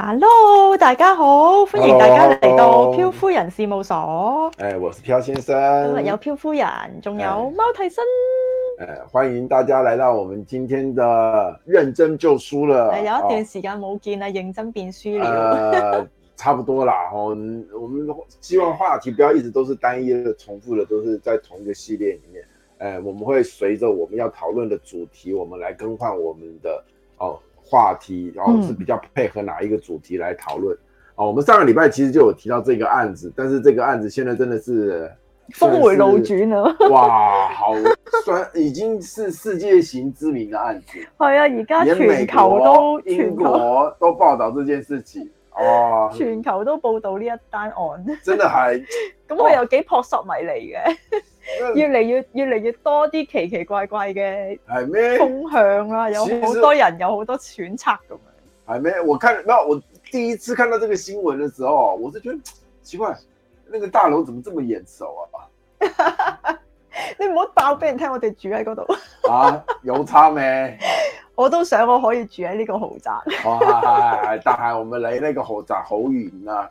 Hello，大家好，歡迎大家來到漂夫人事務所。誒，我是漂先生。今日有漂夫人，仲有貓泰森。誒、哎哎，歡迎大家來到我們今天的認真就輸了。有一段時間沒見啦、哦，認真變輸了、呃。差不多啦，哦，我們希望話題不要一直都是單一的、重複的，都是在同一個系列裏面。誒、哎，我們會隨着我們要討論的主題，我們來更換我們的哦。話題，然後，哦，是比較配合哪一個主題來討論，嗯，哦。我們上個禮拜其實就有提到這個案子，但是這個案子現在真的是峰回路轉啊！哇，好，算，已經是世界型知名的案子。係啊，而家全球都全球都報道這件事情哦，全球都報道呢一單案，真的係。咁佢又幾撲朔迷離嘅。 越嚟越越嚟越多啲奇奇怪怪嘅係咩？風向啊，有好多人有好多揣測咁樣。係咩？我睇，那我第一次看到這個新聞嘅時候，我就覺得奇怪，那個大樓怎麼咁樣眼熟啊？ 你唔好爆俾人聽我，我哋住喺嗰度。啊，有差咩？ 我都想我可以住喺呢個豪宅。 啊、但係我哋離呢個豪宅好遠啦、啊。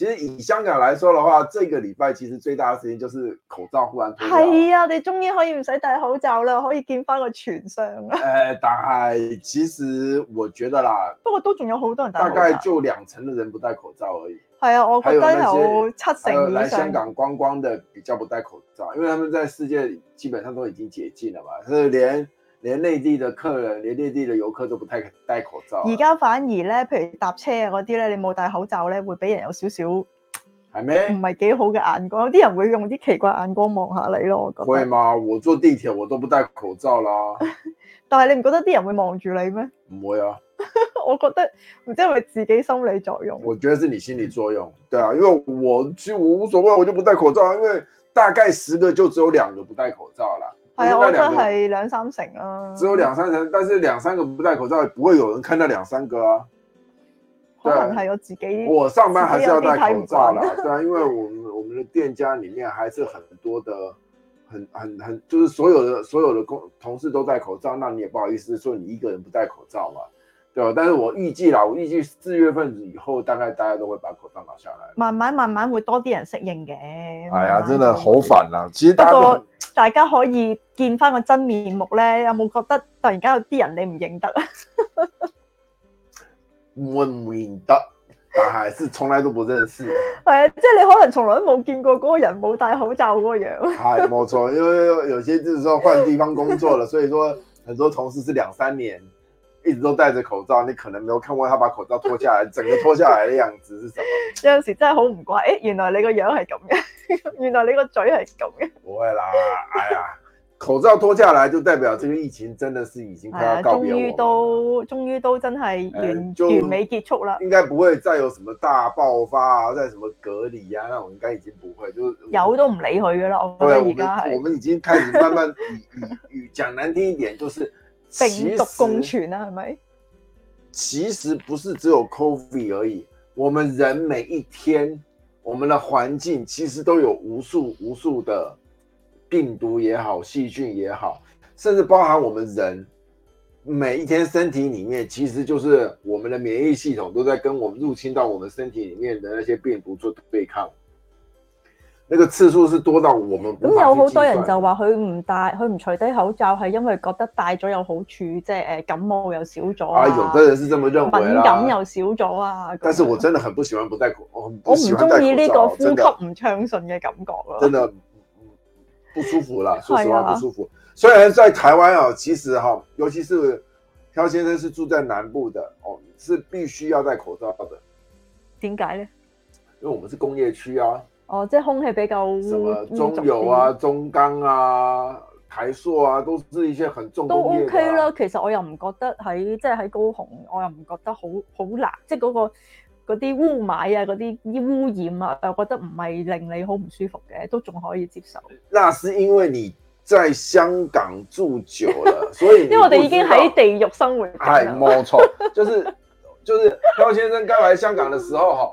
其實以香港來說的話，這個禮拜其實最大的事情就是口罩忽然係啊，你終於可以唔使戴口罩啦，可以見翻個全相啦。誒、欸，但係其實我覺得啦，不過都仲有好多人戴口罩。大概就兩成的人不戴口罩而已。係啊，我覺得有七成。來香港觀光，光的比較不戴口罩，因為他們在世界基本上都已經解禁了嘛。連。連內地的客人，連內地的遊客都不太戴口罩。而家反而咧，譬如搭車啊嗰啲咧，你冇戴口罩咧，會俾人有少少，係咩？唔係幾好嘅眼光，有啲人會用啲奇怪眼光望下你咯。我覺得會嘛。我坐地鐵我都不戴口罩啦。 但係你唔覺得啲人會望住你咩？唔會啊。 我覺得唔知係咪自己心理作用。我覺得係你心理作用。對啊，因為我其實我無所謂，我就不戴口罩，因為大概十個就只有兩個不戴口罩啦。係啊，我覺得係兩三成啊。只有兩三成，但是兩三個不戴口罩，不會有人看到兩三個啊。可能係我自己，我上班還是要戴口罩啦。對，因為我們我們的店家裡面還是很多的，很很很，就是所有的所有的工同事都戴口罩，那你也不好意思說你一個人不戴口罩嘛。對，但是我預計啦，我預計四月份以後，大概大家都會把口罩攞下來，慢慢慢慢會多啲人適應嘅。哎呀，真的好煩啊！其實不過大家可以見翻個真面目咧，有冇覺得突然間有啲人你唔認得啊？唔認得，但係是從來都不認識。係 啊，即、就、係、是、你可能從來都冇見過嗰個人冇戴口罩嗰個樣。係、 哎，冇錯，因為有些就是換地方工作啦，所以說很多同事是兩三年。一直都戴着口罩，你可能沒有看過他把口罩脫下來， 整個脫下來的樣子是什麼？有陣時真係好唔怪，原來你個樣係咁樣 原來你個嘴係咁嘅。不會啦，哎呀，口罩脫下來就代表這個疫情真的是已經快要告別，我終於、哎、都，終於都真係完完美結束啦。嗯、應該不會再有什麼大爆發啊，再什麼隔離啊那種，應該已經不會。就是有都唔理佢噶啦，我覺得。我們、我們已經開始慢慢，講 難聽一點，就是。病毒共存啊，係咪？其實不是只有 COVID 而已，我們人每一天，我們的環境其實都有無數無數的病毒也好，細菌也好，甚至包含我們人每一天身體裏面，其實就是我們的免疫系統都在跟我們入侵到我們身體裏面的那些病毒做對抗。那個次數是多到我們咁、嗯、有好多人就話佢唔戴佢唔除低口罩係因為覺得戴咗有好處，即係感冒又少咗啊，啊。有的人是這麼認為敏感又少咗啊！但是我真的很不喜歡不戴口，我唔中意呢個呼吸唔暢順嘅感覺咯、啊。真的，唔不舒服啦，說實話不舒服。雖然、啊、在台灣啊，其實哈、啊，尤其是漂先生是住在南部的哦，是必須要戴口罩的。點解呢？因為我們是工業區啊。.哦，即係空氣比較，什麼中油啊、中鋼啊、台塑啊，都是一些很重工業的、啊、都 OK 啦，其實我又唔覺得喺即係喺高雄，我又唔覺得好好難，即係、那、嗰個嗰啲霧霾啊、嗰啲污染啊，我覺得唔係令你好唔舒服嘅，都仲可以接受。那係因為你在香港住久了，所以 因為我哋已經喺地獄生活。係冇錯，就是就是，高、就是、先生剛嚟香港嘅時候，哈。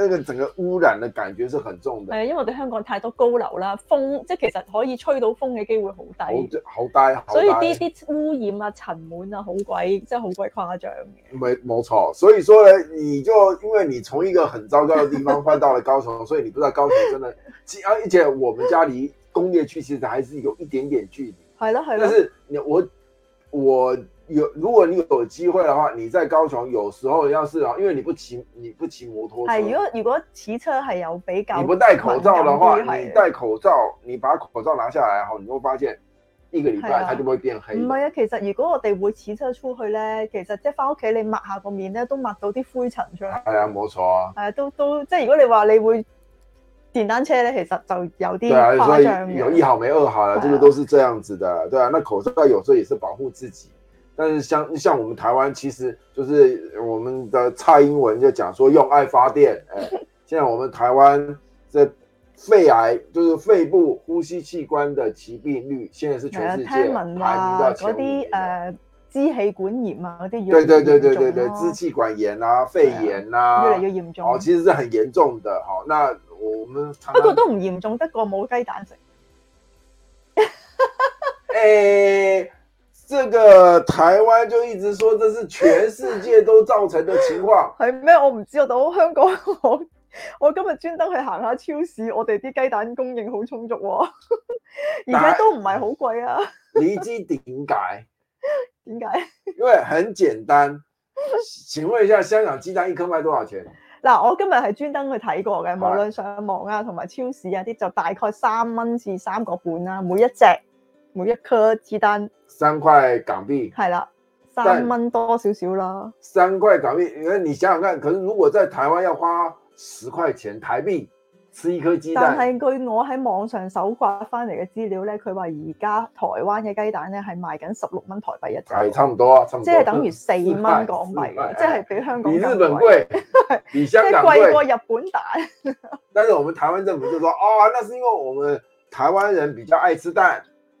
那個整個污染的感覺是很重的。係啊，因為我哋香港太多高樓啦，風即其實可以吹到風嘅機會好低，好大，所以呢啲污染啊、塵蟎啊，好鬼，即係好鬼誇張嘅。冇錯，所以說呢，你就因為你從一個很糟糕的地方翻到了高層， 所以你不知道高層真的，而且我們家離工業區其實還是有一點點距離，係啦係啦，但是我我。有如果你有機會的話，你在高雄，有時候要是啊，因為你不騎你不騎摩托車，係如果如果騎車係有比較，你不戴口罩的話，你戴口罩，你把口罩拿下來後，你會發現一個禮拜，它就會變黑。唔係啊，其實如果我哋會騎車出去咧，其實即係翻屋企，你抹下個面咧，都抹到啲灰塵出嚟。係啊，冇錯啊。係啊，都都即係如果你話你會電單車咧，其實就有啲保障。有一好沒二好啊，就是都是這樣子的，對啊。那口罩有時候也是保護自己。但是像像我們台灣，其實就是我們的蔡英文就講說用愛發電。哎， 現在我們台灣這肺癌，就是肺部呼吸器官的疾病率，現在是全世界排名、 啊、的前。聽聞嗰啲支氣管炎啊，嗰啲對對對對對對支氣管炎啊肺炎啊，啊越嚟越嚴重。哦，其實是很嚴重的。哈，那我們嘗嘗我不過都唔嚴重得過雞，個冇雞蛋食。誒。這個台灣就一直說這是全世界都造成的情況，係 咩？我唔知道，我到香港我我今日專登去行下超市，我哋啲雞蛋供應好充足，哦，而 家都唔係好貴啊！你知點解？點解？因為很簡單，請問一下香港雞蛋一顆賣多少錢？嗱， 我今日係專登去睇過嘅，無論上網啊，同埋超市啊啲，就大概三蚊至三個半啦，啊，每一隻。每一顆雞蛋三塊港幣，係啦，三蚊多少少啦。三塊港幣，因為你想想看，可是如果在台灣要花十塊錢台幣，吃一顆雞蛋。但係據我喺網上搜刮翻嚟嘅資料咧，佢話而家台灣嘅雞蛋咧係賣緊十六蚊台幣一隻。係差唔多啊，差唔多，即係、就是、等於四蚊港幣，即係、就是、比香港貴，即係貴過日本蛋。 但是我們台灣政府就說，哦，那是因為我們台灣人比較愛吃蛋。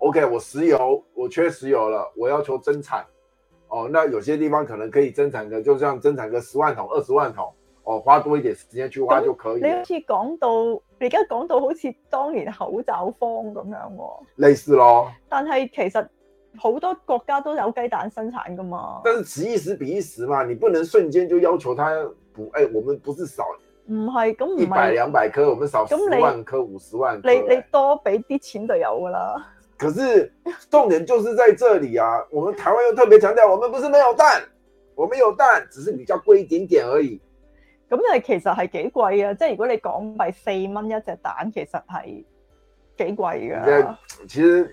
O.K. 我石油我缺石油了，我要求增產，哦，那有些地方可能可以增產個，就像增產個十萬桶、二十萬桶，哦，花多一點時間去挖就可以了。你好似講到你而家講到好似當年口罩荒咁樣喎、哦，類似咯。但係其實好多國家都有雞蛋生產噶嘛。但是此一時彼一時嘛，你不能瞬間就要求他補。誒、欸，我們不是少100，不是，唔係咁唔係一百兩百顆，我們少十萬顆、五十萬顆、欸，你你多俾啲錢就有噶啦。可是重點就是在這裡啊！我們台灣又特別強調，我們不是沒有蛋，我們有蛋，只是比較貴一點點而已。咁你，其實係幾貴啊！即係如果你港幣四蚊一隻蛋，其實係幾貴㗎。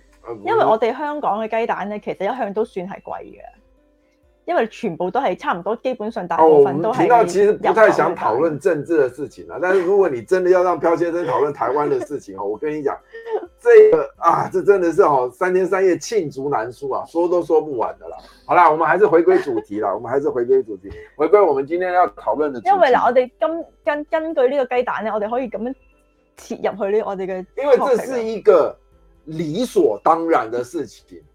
因為我哋香港嘅雞蛋咧，其實一向都算係貴嘅。因為全部都係差唔多，基本上大部分都係。哦，我們頻道其實不太想討論政治的事情啦。 但是如果你真的要讓漂先生討論台灣的事情，哦， 我跟你講，這個啊，這真的是三天三夜罄竹難書啊，說都說不完的啦。好啦，我們還是回歸主題啦， 我們還是回歸主題，回歸我們今天要討論的。因為嗱，我哋根根根據呢個雞蛋呢，我哋可以咁樣切入去呢，我哋嘅。因為這是一個理所當然的事情。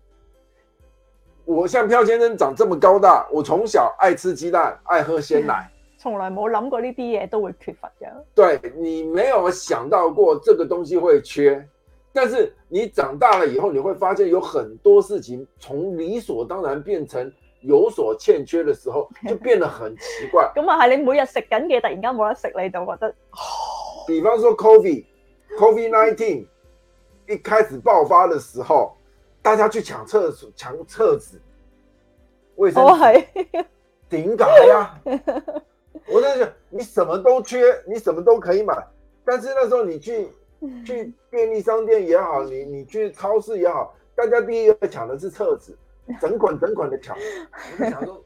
我像漂先生長這麼高大，我從小愛吃雞蛋，愛喝鮮奶，從來冇諗過呢啲嘢都會缺乏嘅。對你沒有想到過這個東西會缺，但是你長大了以後，你會發現有很多事情從理所當然變成有所欠缺的時候，就變得很奇怪。咁啊，係你每日食緊嘅，突然間冇得食，你就覺得，比方說，COVID，COVID-19 一開始爆發的時候。大家去搶廁紙，搶廁紙，衛生紙，為什麼？頂嘎呀！我在想，你什麼都缺，你什麼都可以買，但是那時候你去去便利商店也好，你你去超市也好，大家第一個搶的是廁紙，整捆整捆的搶。我就想說，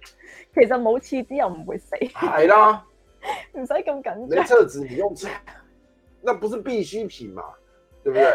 其實冇廁紙又唔會死。係啦、啊，唔使咁緊張。沒廁紙你用紙，那不是必需品嘛？對不對？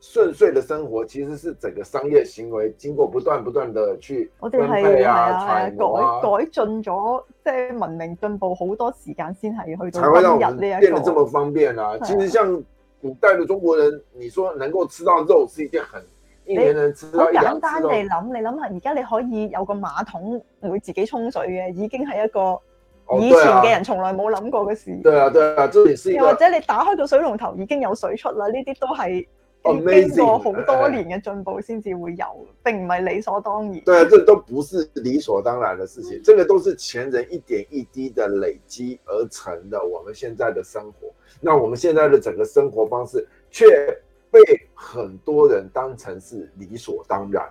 順遂的生活，其實是整個商業行為經過不斷不斷的去分配啊、傳啊，改改進咗，即、就、係、是、文明進步好多時間先係去到、這個、才會讓我們變得這麼方便啊。其實，像古代的中國人，你說能夠吃到肉是一件很好簡單地諗，你諗下而家你可以有個馬桶會自己沖水嘅，已經係一個以前嘅人從來冇諗過嘅事、哦。對啊，對啊，即係又或者你打開個水龍頭已經有水出啦，呢啲都係。Amazing. 經過好多年的進步先至會有，並唔係理所當然。對啊，這都不是理所當然的事情，這個都是前人一點一滴的累積而成的。我們現在的生活，那我們現在的整個生活方式卻被很多人當成是理所當然，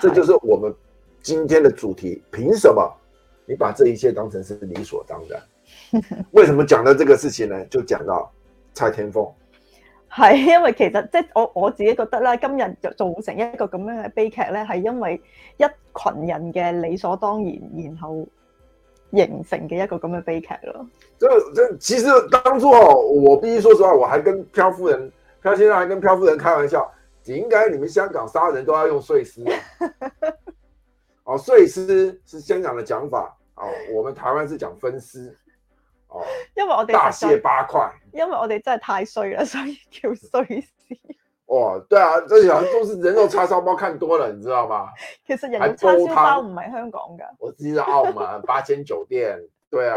這就是我們今天的主題。憑什麼你把這一切當成是理所當然？為什麼講到這個事情呢？就講到蔡天鳳。係，因為其實即係我我自己覺得啦，今日就造成一個咁樣嘅悲劇咧，係因為一群人嘅理所當然，然後形成嘅一個咁嘅悲劇咯。即即其實當初我必須說實話，我還跟漂夫人，漂先生，還跟漂夫人開玩笑，應該你們香港殺人都要用碎屍，哦、 啊，碎屍是香港嘅講法，哦、啊，我們台灣是講分屍。因為我哋大卸八塊，因為我哋真係太衰啦，所以叫碎屍。哦，對啊，即係都係人肉叉燒包，看多了，你知道嘛？其實人肉叉燒包唔係香港噶，我知道澳門八間酒店。對啊，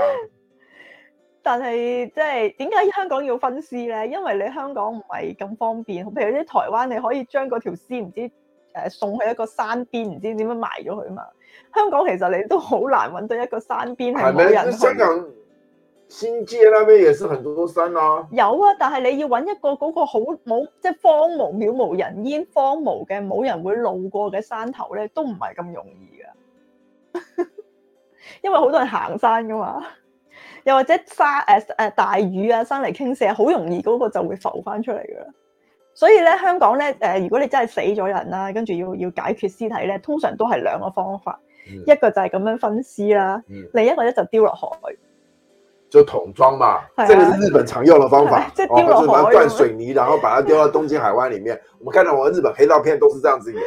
但係即係點解香港要分屍咧？因為你香港唔係咁方便，譬如啲台灣你可以將嗰條屍唔知誒送去一個山邊，唔知點樣埋咗佢嘛。香港其實你都好難搵到一個山邊係冇人新界那邊也是很多多山啦，啊，有啊，但係你要搵一個嗰個好冇即係荒蕪、渺無人煙、荒蕪嘅冇人會路過嘅山頭咧，都唔係咁容易噶。 因為好多人行山噶嘛，又或者沙誒誒、呃、大雨啊，山泥傾瀉，好容易嗰個就會浮翻出嚟噶啦。所以咧，香港咧誒、呃，如果你真係死咗人啦，啊，跟住要要解決屍體咧，通常都係兩個方法，嗯、一個就係咁樣分屍啦，啊嗯，另一個咧就丟落海。就桶裝嘛，即、啊、呢個是日本常用嘅方法，即、啊、哦，啊、就用斷水泥，然後把它丟到東京海灣裏面。 我們看到我日本黑道片都是這樣子演。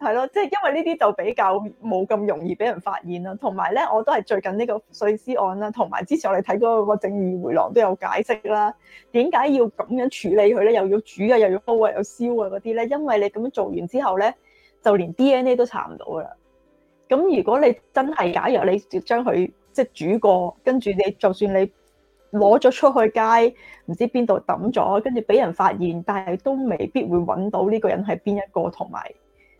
係咯，即係因為呢啲就比較冇咁容易俾人發現啦。同埋咧，我都係最近呢個碎屍案啦，同埋之前我哋睇過個正義回廊都有解釋啦，點解要咁樣處理佢咧？又要煮啊，又要煲啊，又燒啊嗰啲咧？因為你咁樣做完之後咧，就連 DNA 都查唔到㗎啦。咁如果你真係，假如你將佢。即係煮過，跟住你就算你攞咗出去街，唔知邊度抌咗，跟住俾人發現，但係都未必會揾到呢個人係邊一個，同埋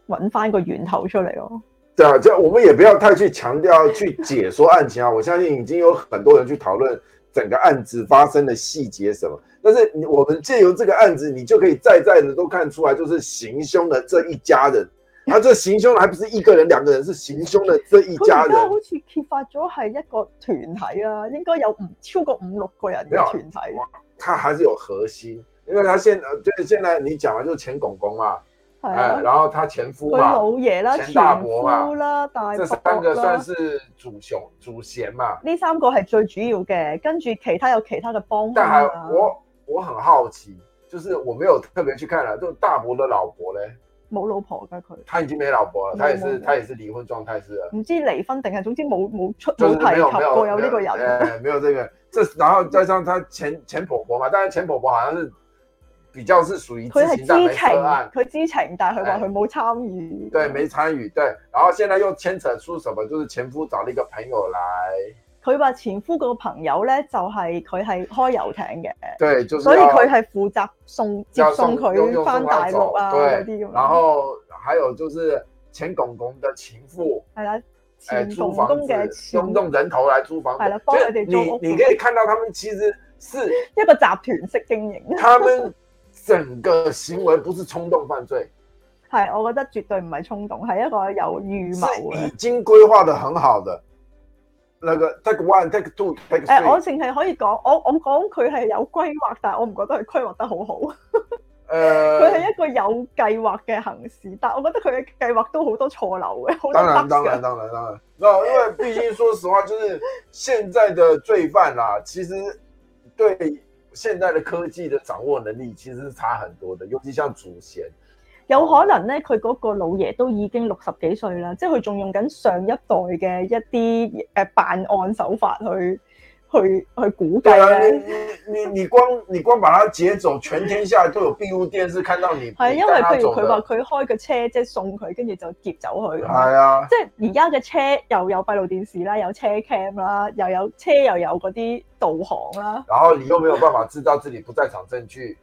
揾翻個源頭出嚟咯、哦。對啊，即係我們也不要太去強調去解說案情啊！ 我相信已經有很多人去討論整個案子發生的細節什麼，但是我們借由這個案子，你就可以再再的都看出來，就是行凶的這一家人。佢、啊、行兇，還不是一個人，兩個人，是行兇的這一家人。佢好似揭發咗係一個團體啊，應該有唔超過五六個人嘅團體哇。他還是有核心，因為他現，即係現在你講完，就前公公是啊，誒、哎，然後他前夫嘛，他老爺啦，前大伯前啦大伯啦，這三個算是祖雄祖賢嘛。呢三個係最主要嘅，跟住其他有其他嘅幫手。但係我我很好奇，就是我沒有特別去看啦，就大伯嘅老婆咧。冇老婆噶佢，他已經冇老婆啦，他也是，他也是離婚狀態，不離是唔知離婚定係，總之冇冇出冇、就是、提及過有呢個人，誒，沒有這個，這 然後再加上他前前婆婆嘛，但係前婆婆好像是比較是屬於佢係知情，佢知情但係佢話佢冇參與，對，沒參與，對，然後現在又牽扯出什麼，就是前夫找了一個朋友來。佢話前夫個朋友咧，就係佢係開遊艇嘅、就是，所以佢係負責送接送佢翻大陸啊啲咁嘅。然後，還有就是錢公公的情婦，係啦，誒，租房用用人頭嚟租房，係啦。幫佢哋租，即係你你可以看到，他們其實是一個集團式經營。 他們整個行為不是衝動犯罪，係我覺得絕對唔係衝動，係一個有預謀，已經規劃得很好的。兩、like、個 take one take two take three 誒、欸，我淨係可以講，我我講佢係有規劃，但係我唔覺得佢規劃得好好。誒、 欸，佢係一個有計劃嘅行事，但我覺得佢嘅計劃都好多錯漏嘅，好得嘅。當然，當然，當然，當然。咁啊，因為畢竟，說實話，就是現在的罪犯啦、啊， 其實對現代的科技的掌握能力，其實是差很多的，尤其像祖先。有可能咧，佢嗰個老爺都已經六十幾歲啦，即係佢仲用緊上一代嘅一啲誒辦案手法去去去估計，對啊，你你你光你光把他劫走， 全天下都有閉路電視看到你係 因為譬如佢話佢開個車即係、就是、送佢，跟住就劫走佢。係啊，嗯、即係而家嘅車又有閉路電視啦，有車 cam 啦，又有車又有嗰啲導航啦。然後你又沒有辦法知道自己不在場證據。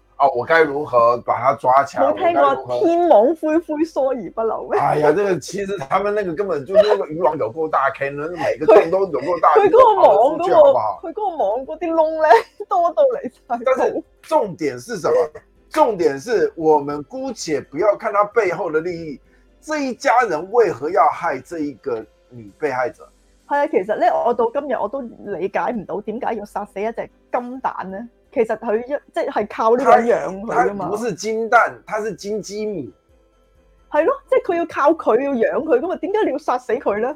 哦，我該如何把他抓起來？我聽過天網恢恢，疏而不漏咩？哎呀，這、那個其實他們那個根本就是魚 CANON, 個 CANON, 那個漁網有夠大，可能每個洞都有夠大。佢嗰個網嗰個，佢嗰、那個網嗰啲窿咧多到你。但是重點是什麼？ 重點是我們姑且不要看它背後的利益，這一家人為何要害這一個女被害者？係啊，其實咧，我到今日我都理解唔到點解要殺死一隻金蛋咧。其實佢一即係靠呢個，他養佢噶嘛，唔係金蛋，它是金雞母，係咯，即係佢要靠佢要養佢噶嘛，點解你要殺死佢咧？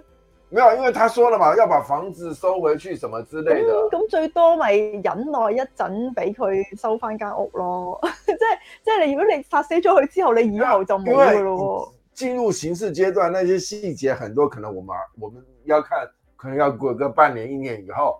沒有，因為他説了嘛，要把房子收回去，什麼之類的。咁、嗯、最多咪忍耐一陣，俾佢收翻間屋咯。 即係即係，你如果你殺死咗佢之後，你以後就冇噶咯喎。進入刑事階段，那些細節很多，可能我們我們要看，可能要過個半年一年以後。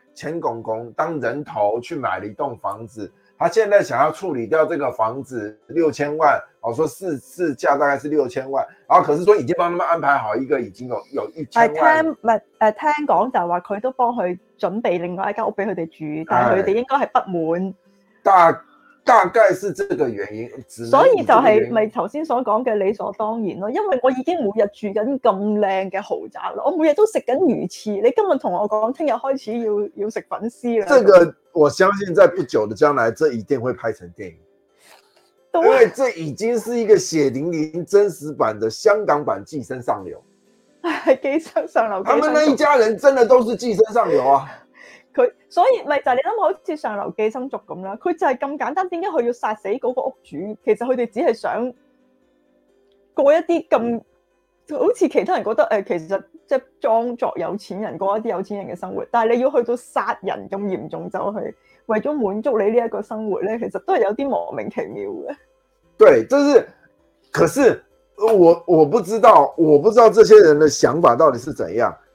錢公公當人頭去買了一棟房子，他現在想要處理掉這個房子，六千萬。我說市市價大概是六千萬，然後，啊，可是說已經幫他們安排好一個已經有有一千萬。聽，唔，誒，聽講就話佢都幫佢準備另外一間屋俾佢哋住，但係佢哋應該係不滿。但滿。大概是這個原因，原因所以就係咪頭先所講嘅理所當然咯。因為我已經每日住緊咁靚嘅豪宅啦，我每日都食緊魚翅，你今日同我講，聽日開始要要食粉絲啦。這個我相信在不久的將來，這一定會拍成電影，啊，因為這已經是一個血淋淋真實版的香港版寄生上流。 寄生上流寄生上流，他們那一家人真的都是寄生上流啊！ 所以咪就係你諗下，好似上流寄生族咁啦，佢就係咁簡單，點解佢要殺死嗰個屋主？其實佢哋只係想過一啲咁，好似其他人覺得誒，其實即係裝作有錢人過一啲有錢人嘅生活。但係你要去到殺人咁嚴重，就去，為咗滿足你呢一個生活咧，其實都係有啲莫名其妙嘅。對，就是，可是我我不知道，我不知道這些人的想法到底是怎樣。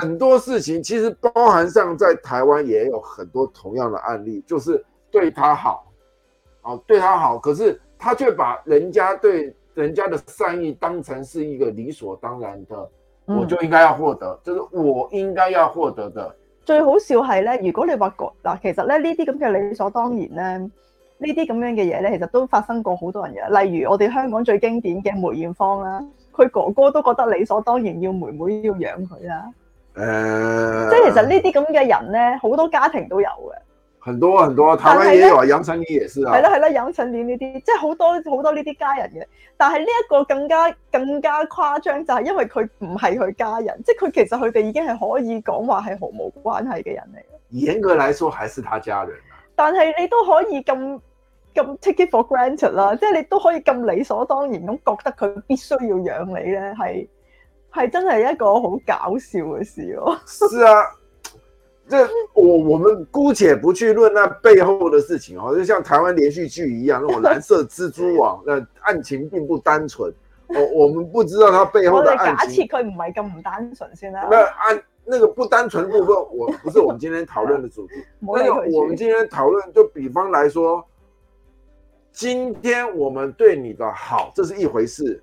很多事情其實包含上在台灣也有很多同樣的案例，就是對他好，哦、啊，對他好，可是他卻把人家對人家的善意當成是一個理所當然的，我就應該要獲得、嗯，就是我應該要獲得的。最好笑係呢，如果你話嗱，其實咧呢啲咁嘅理所當然呢，呢啲咁樣嘅嘢呢，其實都發生過好多人嘅，例如我哋香港最經典嘅梅艷芳啦、啊，佢哥哥都覺得理所當然要妹妹要養佢啦。誒、嗯，即係其實呢啲咁嘅人咧，好多家庭都有嘅，很多很多，台灣也有、啊，養生店也是啊，係咯係咯，養生店呢啲，即係好多好多呢啲家人嘅。但係呢一個更加更加誇張就係，因為佢唔係佢家人，即係佢其實佢哋已經係可以講話係毫無關係嘅人嚟嘅。嚴格嚟說，還是他家人、啊、但係你都可以咁咁 take it for granted 啦，即係你都可以咁理所當然咁覺得佢必須要養你咧，係。係真係一個好搞笑嘅事咯、哦。是啊，這我我們姑且不去論那背後的事情哦，就像台灣連續劇一樣，那種藍色蜘蛛網，那 案情並不單純。我我們不知道它背後嘅案情。 假設佢唔係咁唔單純先啦、啊。那按，那個不單純部分，我不是我們今天討論的主題。 那個我們今天討論，就比方來說，今天我們對你的好，這是一回事。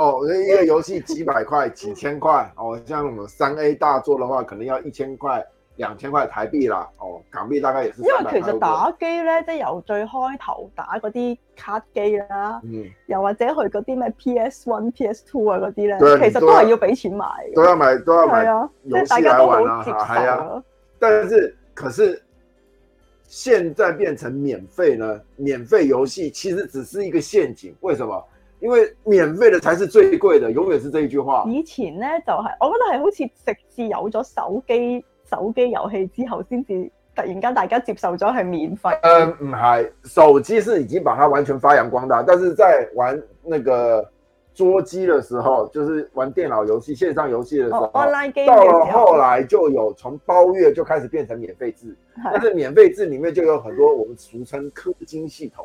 哦，一個遊戲幾百塊、幾千塊哦，像我們三 A 大作的話，可能要一千塊、兩千塊台幣啦。哦，港幣大概也是四百多塊。因為其實打機呢，即由最開頭打嗰啲卡機啦、啊，嗯，又或者去嗰啲咩 PS One、PS Two 啊嗰啲咧，其實都係要俾錢買都，都要買，都要買啊。遊戲來玩啊，係啊，就是、啊，啊。但是，可是現在變成免費呢？免費遊戲其實只是一個陷阱，為什麼？因為免費的才是最貴的，永遠是這一句話。以前呢，就係、是，我覺得係好似直至有咗手機手機遊戲之後，先至突然間大家接受咗係免費。嗯、呃，唔係，手機是已經把它完全發揚光大，但是在玩那個桌機的時候，就是玩電腦遊戲、線上遊戲的時候，哦、到了後來就有從包月就開始變成免費制，是但是免費制裏面就有很多我們俗稱氪金系統。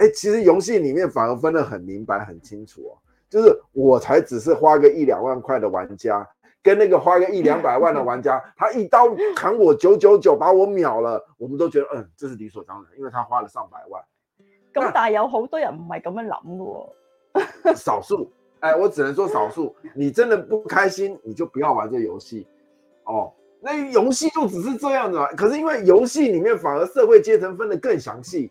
誒，其實遊戲裏面反而分得很明白、很清楚哦。就是我才只是花個一兩萬塊的玩家，跟那個花個一兩百萬的玩家，他一刀砍我九九九，把我秒了。我們都覺得，嗯，這是理所當然，因為他花了上百萬。咁但係有好多人唔係咁樣諗嘅。少數，哎，我只能說少數。你真的不開心，你就不要玩這遊戲。哦，那遊戲就只是這樣子啊。可是因為遊戲裏面反而社會階層分得更詳細。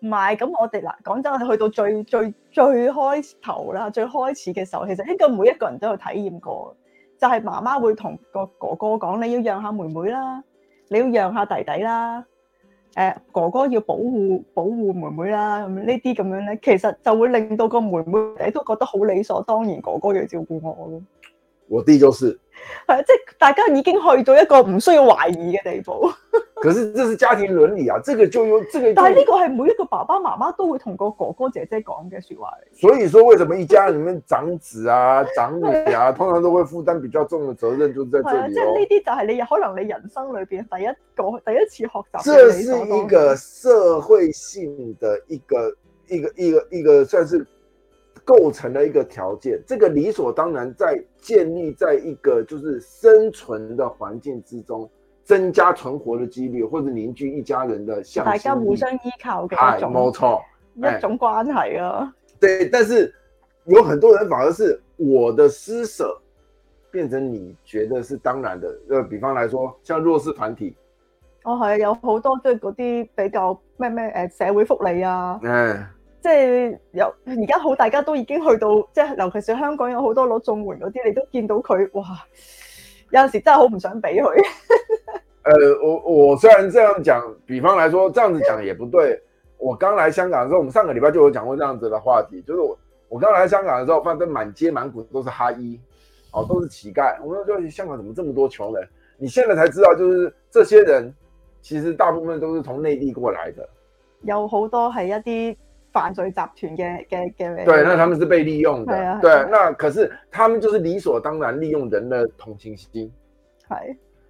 唔係，咁我哋嗱講真，去到最最最開頭啦，最開始嘅時候，其實應該每一個人都有體驗過，就係、是、媽媽會同個哥哥講，你要讓下妹妹啦，你要讓下弟弟啦，誒哥哥要保護保護妹妹啦，咁呢啲咁樣咧，其實就會令到個妹妹都覺得好理所當然，哥哥要照顧我咯。我啲就是係啊，即係大家已經去到一個唔需要懷疑嘅地步。可是，這是家庭倫理啊！這個就有這個，但係呢個係每一個爸爸媽媽都會同個哥哥姐姐講嘅說話。所以說，為什麼一家裏面長子啊、長女啊，通常都會負擔比較重的責任，就是在這裏。即這呢啲就是你可能你人生裏邊第一個第一次學習。這是一個社會性嘅一個一個一個一個，算是構成了一個條件。這個理所當然，在建立在一個就是生存嘅環境之中。增加存活的機率，或者凝聚一家人的相，大家互相依靠嘅一種，哎一種冇錯，一種關係啊。對，但是有很多人反而是我的施捨變成你覺得是當然的。呃，比方來說，像弱勢團體，我、哦、係有好多即係嗰啲比較咩咩誒社會福利啊，誒、哎，即、就、係、是、有而家好大家都已經去到，即、就、係、是、尤其是香港有好多攞綜援嗰啲，你都見到佢哇，有陣時真係好唔想俾佢。 呃，我我雖然這樣講，比方來說這樣子講也不對。我剛來香港的時候，我們上個禮拜就有講過這樣子的話題，就是我我剛來香港的時候，反正滿街滿谷都是哈衣，哦，都是乞丐。我們說，香港怎麼這麼多窮人？你現在才知道，就是這些人其實大部分都是從內地過來的，有好多係一啲犯罪集團嘅嘅嘅。對，那他們是被利用的，的，的。對，那可是他們就是理所當然利用人的同情心。係。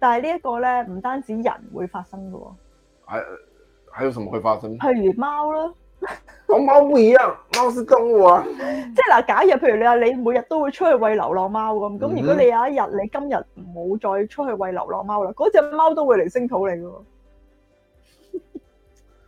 但係呢一個咧，唔單止人會發生噶喎，係、啊，還有什麼會發生？譬如貓啦，同 貓、哦、不一樣，貓是動物、啊，即係嗱，假若譬如你話你每日都會出去餵流浪貓咁，咁、嗯、如果你有一日你今日唔好再出去餵流浪貓啦，嗰隻貓都會嚟聲討你噶，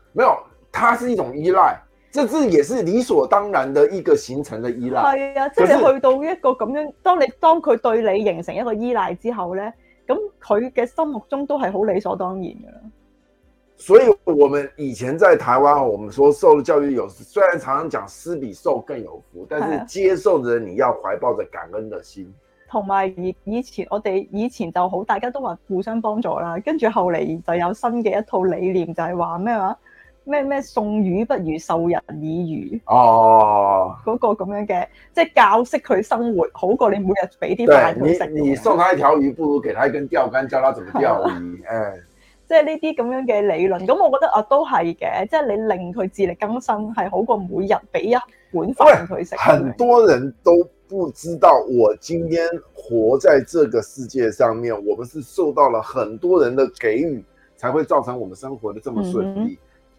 沒有，它是一種依賴，即是也是理所當然的一個形成的依賴，係啊，即、就、係、是、你去到一個咁樣，當你當佢對你形成一個依賴之後咧。咁佢嘅心目中都係好理所當然嘅啦，所以我們以前在台灣，我們說受教育有，雖然常常講施比受更有福，但是接受者你要懷抱着感恩的心，同埋以以前我哋以前就好，大家都話互相幫助啦，跟住後嚟就有新嘅一套理念，就係話咩話。咩咩送魚不如授人以漁哦，嗰、那個咁樣嘅，即、就、係、是、教識佢生活，好過你每日俾啲飯佢食。你送他一條魚，不如給他一根釣竿，教他怎麼釣魚。誒 ，即係呢啲咁樣嘅理論，咁我覺得啊都係嘅，即、就、係、是、你令佢自力更生，係好過每日俾一碗飯佢食。很多人都不知道，我今天活在這個世界上面，我們是受到了很多人的給予，才會造成我們生活得這麼順利。嗯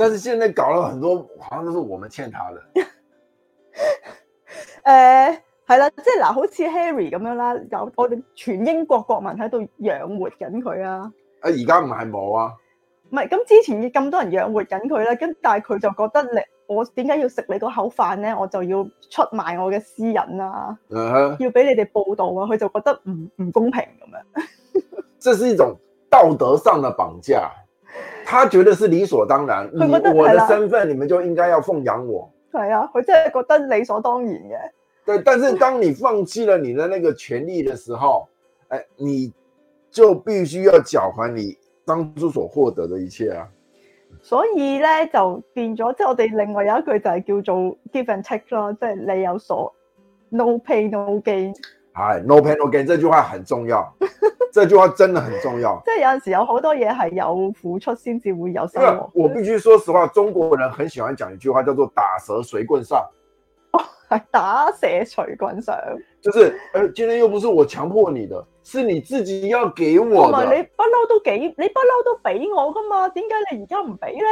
但是現在搞了很多，好像都是我們欠他的。誒、 呃，係啦，即係嗱，好似 Harry 咁樣啦，有我哋全英國國民喺度養活緊佢啊。啊，而家唔係冇啊。唔係，咁之前咁多人養活緊佢啦，咁但係佢就覺得我你我點解要食你嗰口飯咧？我就要出賣我嘅私隱啊。Uh-huh. 要俾你哋報道啊！佢就覺得唔唔公平咁樣，係咪？這是一種道德上嘅綁架。他覺得是理所當然，覺得你我的身份你們就應該要奉養我。係啊，佢真係覺得理所當然嘅。對，但是當你放棄了你的那個權利的時候，誒、欸，你就必須要繳還你當初所獲得的一切啊。所以咧就變咗，即係我哋另外有一句就係叫做 give and take 咯，即係你有所 no pay no gain。唉，no pain no gain，這句話很重要，這句話真的很重要。即係有陣時有好多嘢，係有付出先至會有收穫。我必須說實話，中國人很喜歡講一句話，叫做打蛇隨棍上。哦，係 打蛇隨棍上，就是誒、呃，今天又不是我強迫你的，是你自己要給我的。你不嬲都給，你不嬲都俾我噶嘛？點解你而家唔俾咧？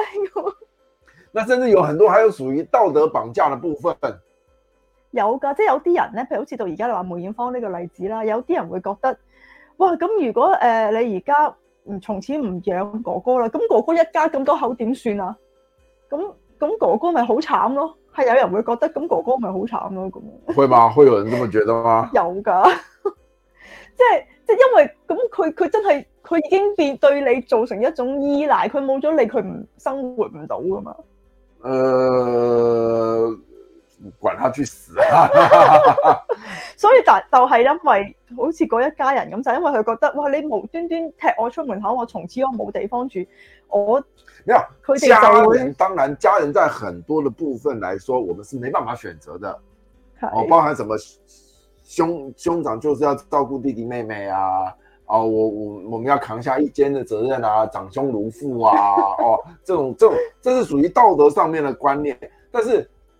那甚至有很多，還有屬於道德綁架的部分。有噶，即係有啲人咧，譬如好似到而家你話梅艷芳呢個例子啦，有啲人會覺得，哇咁如果誒、呃、你而家唔從此唔養哥哥啦，咁哥哥一家咁多口點算啊？咁咁哥哥咪好慘咯？係有人會覺得，咁哥哥咪好慘咯？咁，會吧？有人咁樣覺得嗎？ 有噶的， 即係即係因為咁，佢佢真係佢已經變對你造成一種依賴，佢冇咗你，佢唔生活唔到噶嘛？誒、uh...。管他去死啊 ！ 所以就就係因為好似嗰一家人咁，就是，因為佢覺得哇，你無端端踢我出門口，我從此我冇地方住，我冇。家人當然，家人在很多的部分來說，我們是沒辦法選擇的。哦，包含什麼兄兄長就是要照顧弟弟妹妹啊，哦、啊，我我我們要扛下一肩的責任啊，長兄如父啊，哦、啊，這種這種，這是屬於道德上面的觀念，但是。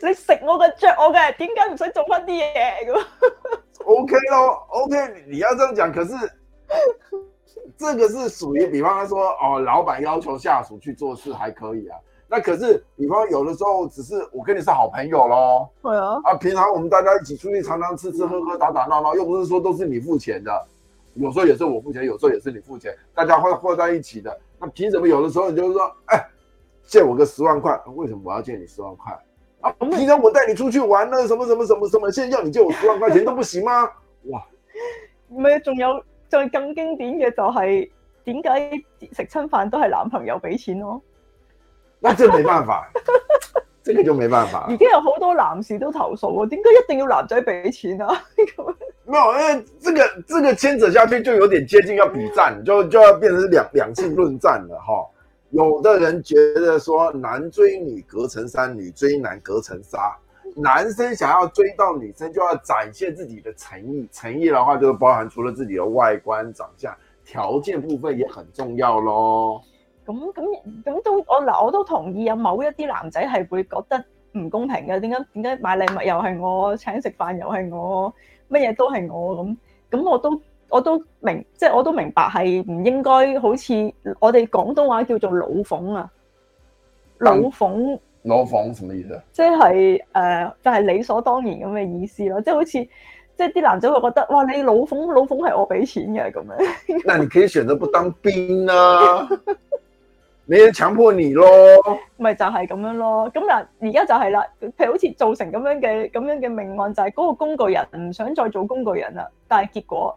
你食我嘅，着我嘅，點解唔使做翻啲嘢咁？O K 咯，O K，你要這樣講，可是，這個是屬於，比方說，哦，老闆要求下屬去做事還可以啊，那可是，比方有的時候，只是我跟你是好朋友咯啊，啊，平常我們大家一起出去，常常吃吃喝喝，打打鬧鬧，又不是說都是你付錢的，有時候也是我付錢，有時候也是你付錢，大家會混在一起的，那憑什麼有的時候你就是說，哎，借我個十萬塊，為什麼我要借你十萬塊？今、啊、天我帶你出去玩啦、啊，什麼什麼什麼什麼，現在要你借我十萬塊錢都不行嗎？哇！咪仲有再更經典嘅就係點解食親飯都係男朋友俾錢咯、哦？那真係冇辦法， 這個就冇辦法。已經有好多男士都投訴啊，點解一定要男仔俾錢啊？ 沒有，因為這個這個牽扯下去就有點接近要比戰，就就要變成兩兩性論戰啦，哈。有的人覺得說男追女隔層山，女追男隔層紗。男生想要追到女生，就要展現自己的誠意。誠意嘅話就包含除了自己的外觀、長相、條件部分，也很重要咯。咁咁咁都我我我都同意有某一啲男仔係會覺得唔公平嘅。點解點解買禮物又係我，請食飯又係我，乜嘢都係我咁咁我都。我都明，即係我都明白係唔、就是、應該好似我哋廣東話叫做老奉啊，老奉。老奉係咩意思啊？即係誒，係、呃就是、理所當然咁嘅意思咯，即、就、係、是、好似即係啲男仔會覺得哇，你老奉老奉係我俾錢嘅咁樣。那你可以選擇不當兵啊。 沒人強迫你咯。咪就係、是、咁樣咯，咁嗱而家就係啦，譬如好似造成咁樣嘅咁樣嘅命案，就係、是、嗰個工具人唔想再做工具人啦，但係結果。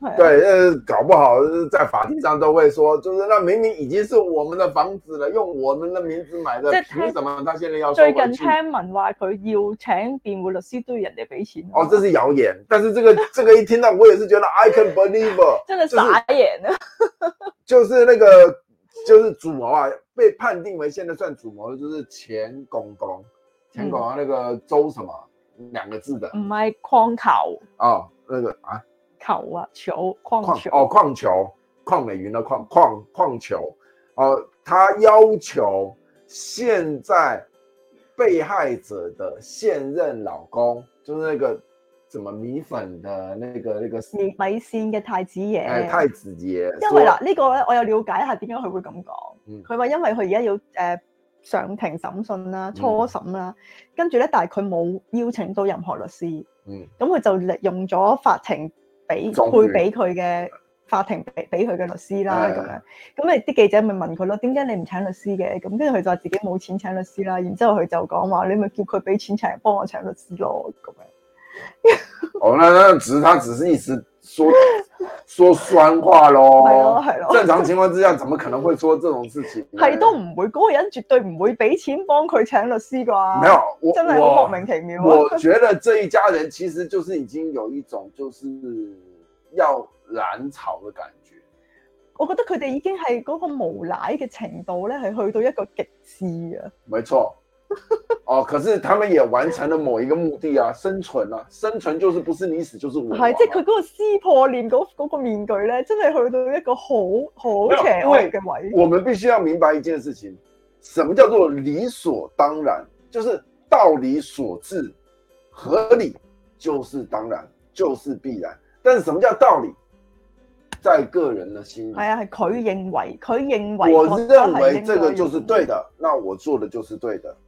對，呃、就是，搞不好在法庭上都會說，就是那明明已經是我們的房子了，用我們的名字買的，憑什麼他現在要說？最近聽聞話，佢要請辯護律師，對人哋俾錢。哦，這是謠言。 但是這個這個一聽到，我也是覺得 I can believe、 就是。真係傻眼啊！就是那個就是主謀啊， 被判定為現在算主謀的就是前公公，前公公那個周什麼兩、嗯、個字的？唔係框球啊、哦，那個啊。球啊，球，礦球，哦，礦橋，礦美雲啊，礦礦礦橋，哦、呃，他要求現在被害者的現任老公，就是那個什麼米粉的那個那個米米線嘅太子爺，係、哎、太子爺。因為嗱、呢、這個咧，我有了解一下點解佢會咁講。佢、嗯、話因為佢而家要誒上庭審訊啦、初審啦、啊嗯，跟住咧，但係佢冇邀請到任何律師。嗯，咁佢就利用咗法庭俾配俾佢嘅法庭俾俾佢嘅律師啦，咁樣。咁你啲記者咪問佢咯，點解你唔請律師嘅？咁跟住佢就話自己冇錢請律師啦，然之後佢就講話你咪叫佢俾錢請幫我請律師咯咁樣。好啦，那只是他只是一時。說說酸話咯，係 咯，正常情況之下，怎麼可能會說這種事情？係都唔會，嗰、那個人絕對唔會俾錢幫佢請律師啩、啊。沒有，我真係好莫名其妙、啊我。我覺得這一家人其實就是已經有一種就是要攬炒的感覺。我覺得佢哋已經係嗰個無賴嘅程度咧，係去到一個極致嘅。冇錯。 哦，可是他們也完成了某一個目的啊，生存啊，生存就是不是你死就是我死啊。係即係佢嗰個撕破臉嗰個面具呢，真係去到一個好好邪惡嘅位，哦。我們必須要明白一件事情，什麼叫做理所當然，就是道理所致，合理就是當然，就是必然。但係什麼叫道理？在個人的心裡，係啊，係佢認為佢認為我，我認為這個就是對的，那我做的就是對的。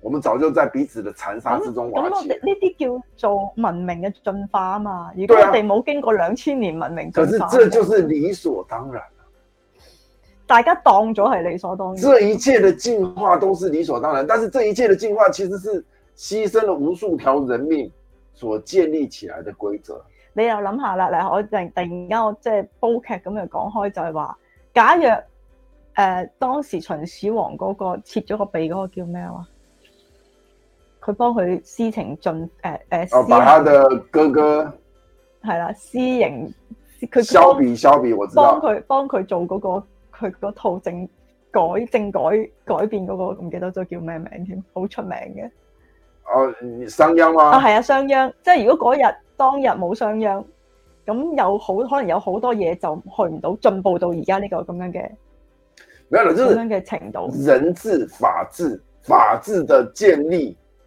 我們早就在彼此的殘殺之中。咁呢啲叫做文明嘅進化啊嘛。如果我哋冇經過兩千年文明的話，啊，可是這就是理所當然了。大家當咗係理所當然。這一切的進化都是理所當然，但是這一切的進化其實是犧牲了無數條人命所建立起來的規則。你又諗下啦，嗱，我突然間我即係煲劇咁樣講開，就係話，假若誒、呃、當時秦始皇嗰個切咗個鼻嗰個叫咩話？佢幫佢私情進誒誒、啊，啊！把他的哥哥係啦，私刑佢削鼻削鼻，我知道幫佢幫佢做嗰個佢嗰套正改正改改變嗰個唔記得咗叫咩名添，好出名嘅，哦，商鞅啊，係啊，商鞅、哦啊。即係如果嗰日當日冇商鞅，咁有好可能有好多嘢就去唔到進步到而家呢個咁樣嘅，咩啦，就是咁樣嘅程度。人治法治法治嘅建立。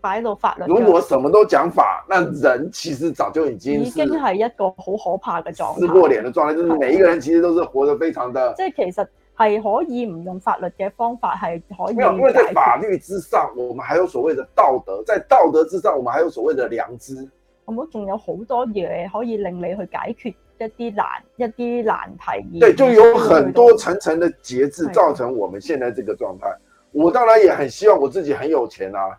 擺到法律，如果什麼都講法，那人其實早就已經已經係一個好可怕嘅狀態，撕破臉嘅狀態，就是每一個人其實都是活得非常的。即係、就是、其實係可以唔用法律嘅方法係可以。沒有，因為在法律之上，我們還有所謂的道德，在道德之上，我們還有所謂的良知。我我仲有好多嘢可以令你去解決一啲難一啲難題。對，就有很多層層嘅節制造成我們現在這個狀態。我當然也很希望我自己很有錢啊。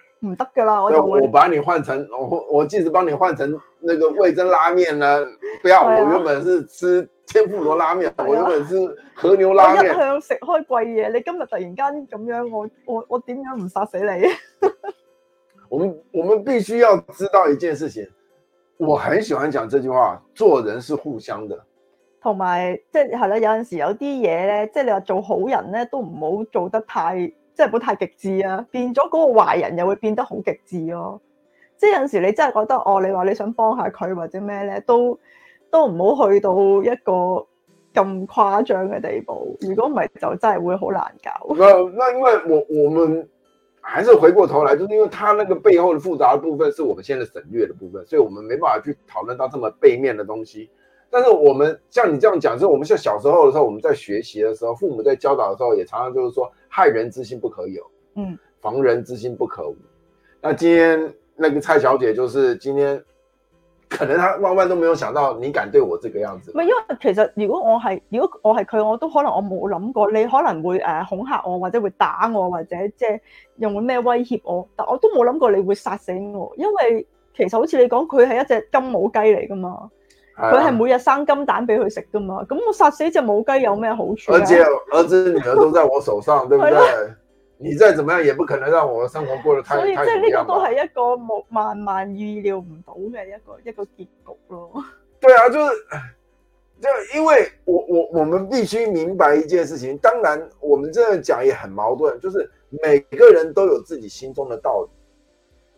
唔得噶啦！我我把你換成我，我即使幫你換成那個味噌拉麵啦，不要！我原本是吃天婦羅拉麵，我原本是和牛拉麵。我一向食開貴嘢，你今日突然間咁樣，我我我點樣唔殺死你？ 我們我們必須要知道一件事情，我很喜歡講這句話，做人是互相的。同埋即係啦，就是、有陣時有啲嘢咧，即、就、係、是、你話做好人咧，都唔好做得太。即係唔好太極致啊！變咗嗰個壞人又會變得好極致咯、哦！即係有時你真係覺得哦，你話你想幫下佢或者咩咧，都都唔好去到一個咁誇張嘅地步。如果唔係，就真係會好難搞。嗱，因為我我們還是回過頭來，就是、因為他那個背後的複雜的部分，是我們現在省略的部分，所以我們沒辦法去討論到這麼背面嘅東西。但是我們像你這樣講，就是我們像小時候嘅時候，我們在學習嘅時候，父母在教導嘅時候，也常常就是說害人之心不可有，嗯，防人之心不可無、嗯。那今天那個蔡小姐，就是今天可能她萬萬都沒有想到你敢對我這個樣子。因為其實如果我係如果我係佢，我都可能我冇諗過你可能會誒、呃、恐嚇我，或者會打我，或者即係用咩威脅我，但我都冇諗過你會殺死我，因為其實好似你講，佢係一隻金毛雞嚟噶嘛。佢係、啊、每日生金蛋俾佢食噶嘛，咁我殺死隻母雞有咩好處啊？而且兒子、女兒都在我手上， 對不對？你再怎麼樣也不可能讓我嘅生活過得太……所以即係呢個都係一個莫，萬萬預料唔到嘅一個一個結局咯。對啊，就是，就因為我我我們必須明白一件事情，當然我們這樣講也很矛盾，就是每個人都有自己心中的道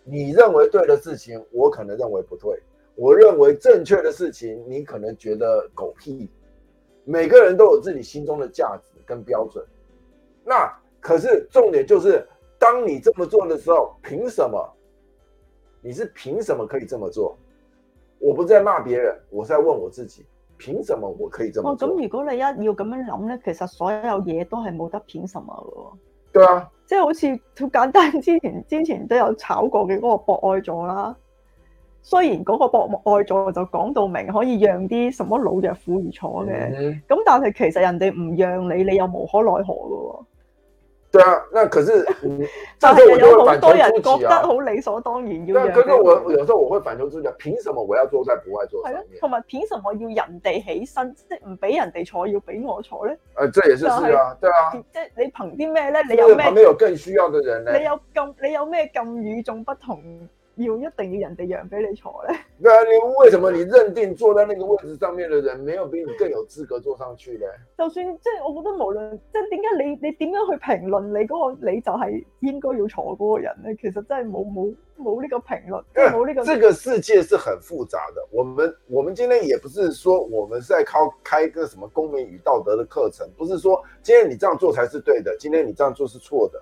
理，你認為對嘅事情，我可能認為不對。我認為正確的事情，你可能覺得狗屁。每個人都有自己心中的價值跟標準。那可是重點就是，當你這麼做的時候，憑什麼？你是憑什麼可以這麼做？我不在罵別人，我是在問我自己，憑什麼我可以這麼做？哦，咁如果你一要咁樣諗咧，其實所有嘢都係冇得憑什麼噶。對啊，即係好似好簡單，之前之前都有炒過嘅嗰個博愛座啦。雖然嗰個博愛座就講到明可以讓啲什麼老弱婦孺坐嘅，咁、嗯嗯、但係其實人哋唔讓你，你又無可奈何喎。對啊，那可是，嗯、 但係有好多人覺得好理所當然要。但係我，但是我有時候我會反求諸己，憑什麼我要坐在博愛座？係咯、啊，同埋憑什麼要人哋起身，即係唔俾人哋坐，要俾我坐咧？誒、啊，這也是事啊，即係、啊啊、你憑啲咩咧？你有咩？你有更需要嘅人咧？你有咁？你有咩咁與眾不同？要一定要人哋讓俾你坐呢？那你為什麼你認定坐在那個位置上面的人沒有比你更有資格坐上去呢？ 就算即係，就是、我覺得無論即係點解你你點樣去評論你嗰個你就係應該要坐嗰個人呢？其實真係冇冇冇呢個評論，即係冇、嗯、呢個評論。這個世界是很複雜的。我們我們今天也不是說我們是在靠開一個什麼公民與道德的課程，不是說今天你這樣做才是對的，今天你這樣做是錯的。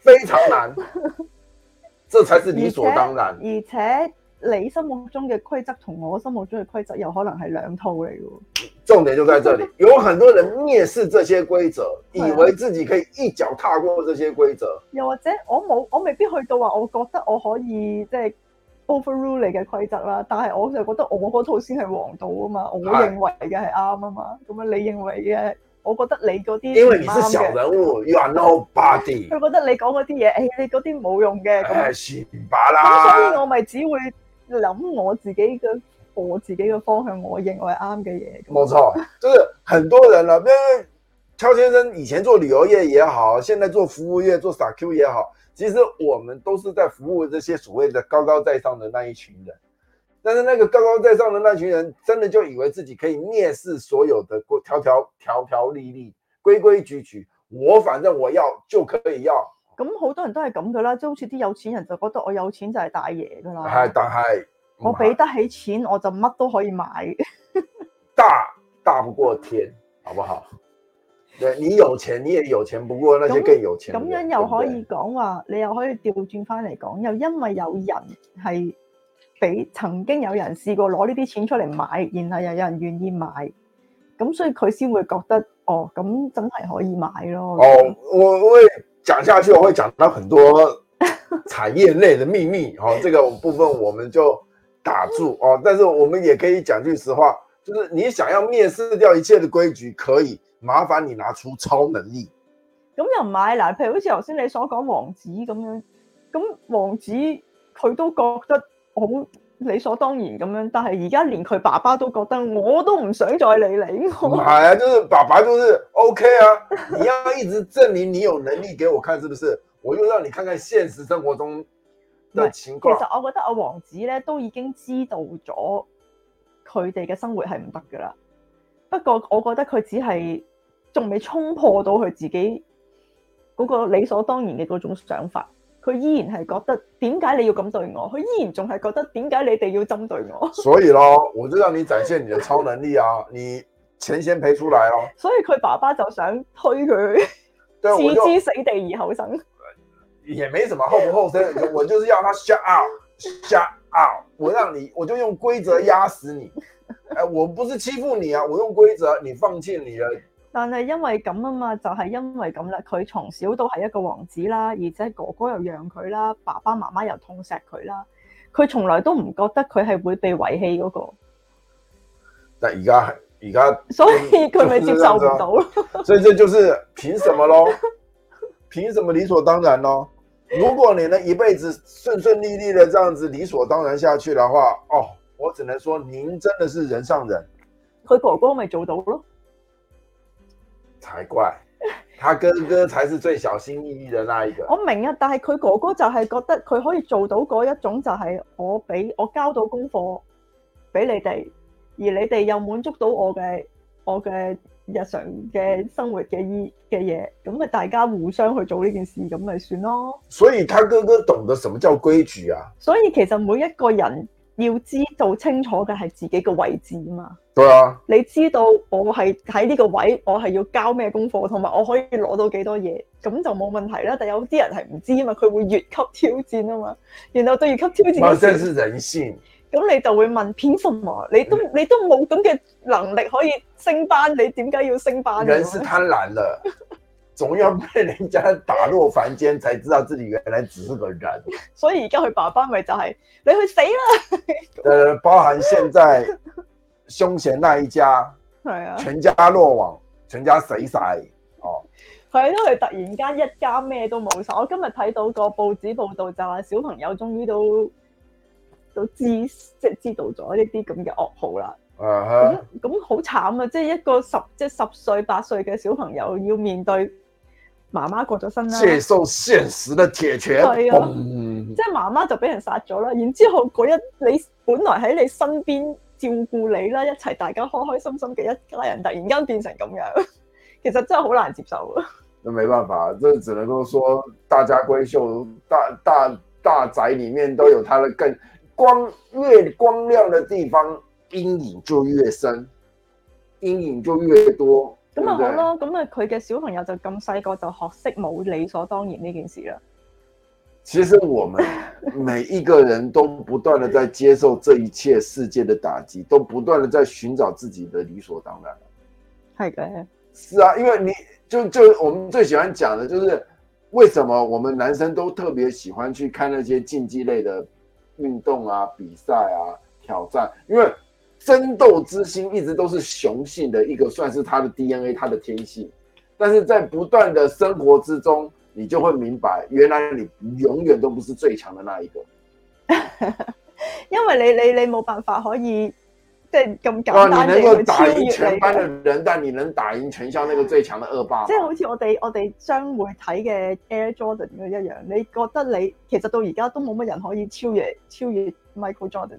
非常難， 這才是理所當然。而且，而且你心目中嘅規則同我心目中嘅規則有可能係兩套嚟嘅。重點就在這裏，有很多人蔑視這些規則，以為自己可以一腳踏過這些規則，啊。又或者我冇，我未必去到話，我覺得我可以即係、就是、overrule 你嘅規則啦。但係我就覺得我嗰套先係王道啊嘛，我認為嘅係啱啊嘛。咁樣你認為嘅？我覺得你嗰啲，因為你是小人物，you are nobody。佢覺得你講嗰啲嘢，誒，你嗰啲冇用嘅，係屎吧啦。所以我咪只會諗我自己嘅，我自己嘅方向，我認為啱嘅嘢。冇錯，就是很多人啦、啊，因 漂先生以前做旅遊業也好，現在做服務業做傻 Q 也好，其實我們都是在服務這些所謂的高高在上的那一群人。但是那個高高在上的那群人，真的就以為自己可以蔑視所有的規條條條條理理、規規矩矩。我反正我要就可以要。咁、嗯、好多人都係咁噶啦，即好似啲有錢人就覺得我有錢就係大爺噶啦。係，但係我俾得起錢，我就乜都可以買。 大大不過天，好不好？對，你有錢，你也有錢，不過那些更有錢。咁、嗯、樣又可以講話、啊，你又可以調轉翻嚟講，又因為有人係。俾曾經有人試過攞呢啲錢出嚟買，然後又有人願意買，咁所以佢先會覺得哦，咁真係可以買咯。哦，我會講下去，我會講到很多產業內的秘密。 哦，這個部分我們就打住哦。但是我們也可以講句實話，就是你想要蔑視掉一切的規矩，可以麻煩你拿出超能力。咁又唔買嗱，譬如好似頭先你所講王子咁樣，咁王子佢都覺得。好理所當然咁樣，但係而家連佢爸爸都覺得，我都唔想再理你。唔係啊，就是爸爸都是 OK 啊， 你要一直證明你有能力給我看，是不是？我又讓你看看現實生活中的情況。其實我覺得阿王子咧都已經知道咗佢哋嘅生活係唔得噶啦，不過我覺得佢只係仲未衝破到佢自己嗰個理所當然嘅嗰種想法。佢依然係覺得點解你要咁對我？佢依然仲係覺得點解你哋要針對我？所以咯，我就讓你展現你的超能力啊！ 你錢先賠出來咯。所以佢爸爸就想推佢，置之死地而後生。我 也沒什麼後不後生， 我就是要他 shut out，shut out 我讓你，我就用規則壓死你。誒、呃，我不是欺負你啊，我用規則，你放棄你的。但係因為咁啊嘛，就係、是、因為咁啦。佢從小都係一個王子啦，而且哥哥又讓佢啦，爸爸媽媽又痛錫佢啦，佢從來都唔覺得佢係會被遺棄嗰個。但而家係而家，所以佢咪接受唔到咯。所以即係就是憑什麼咯？憑 什麼理所當然咯？如果你能一輩子順順利利的這樣子理所當然下去的話，哦，我只能說您真的是人上人。佢哥哥咪做到咯。才怪，他哥哥才是最小心翼翼的那一個。 我明啊，但係佢哥哥就係覺得佢可以做到嗰一種就，就係我俾我交到功課俾你哋，而你哋又滿足到我嘅我嘅日常嘅生活嘅意嘅嘢，咁咪大家互相去做呢件事，咁咪算咯。所以，他哥哥懂得什麼叫規矩啊。所以，其實每一個人。要知道清楚嘅係自己個位置啊嘛。對啊，你知道我係喺呢個位，我係要交咩功課，同埋我可以攞到幾多嘢，咁就冇問題啦。但有啲人係唔知啊嘛，佢會越級挑戰啊嘛，然後對越級挑戰，哇，真係人性！咁你就會問偏鋒啊，你都你都冇咁嘅能力可以升班，你點解要升班？人是貪婪啦。 總要被人家打落凡間，才知道自己原來只是個人。 所以而家佢爸爸咪就係、是，你去死啦！誒、 呃，包含現在凶嫌那一家，係啊，全家落網，全家死晒哦。係咯，佢突然間一家咩都冇晒。我今日睇到個報紙報道就話，小朋友終於都都知即係知道咗一啲咁嘅噩耗啦。咁咁好慘啊！即係一個十即係十歲八歲嘅小朋友要面對。媽媽過咗身啦，接受現實的鐵拳，係啊，即係媽媽就俾人殺咗啦。然後之後嗰一你本來喺你身邊照顧你啦，一齊大家開開心心嘅一家人，突然間變成咁樣，其實真係好難接受啊。那沒辦法，即係只能夠說，大家閨秀大大大宅裡面都有他的更光越光亮的地方，陰影就越深，陰影就越多。咁咪好咯，咁咪佢嘅小朋友就咁細個就學識冇理所當然呢件事啦。其實我們每一個人都不斷的在接受這一切世界的打擊， 都不斷的在尋找自己的理所當然。係嘅，是啊，因為你就就我們最喜歡講的，就是為什麼我們男生都特別喜歡去看那些競技類的運動啊、比賽啊、挑戰，因為。爭鬥之心一直都是雄性的一個，算是他的 DNA，他的天性。但是在不斷的生活之中，你就會明白，原來你永遠都不是最強的那一個。 因為你、你、你冇辦法可以，即係咁簡單、啊。你能夠打贏全班嘅人，你的但你能打贏全校那個最強的惡霸？即係好似我哋我哋將會睇嘅 Air Jordan 一樣，你覺得你其實到而家都冇乜人可以超越超越 Michael Jordan。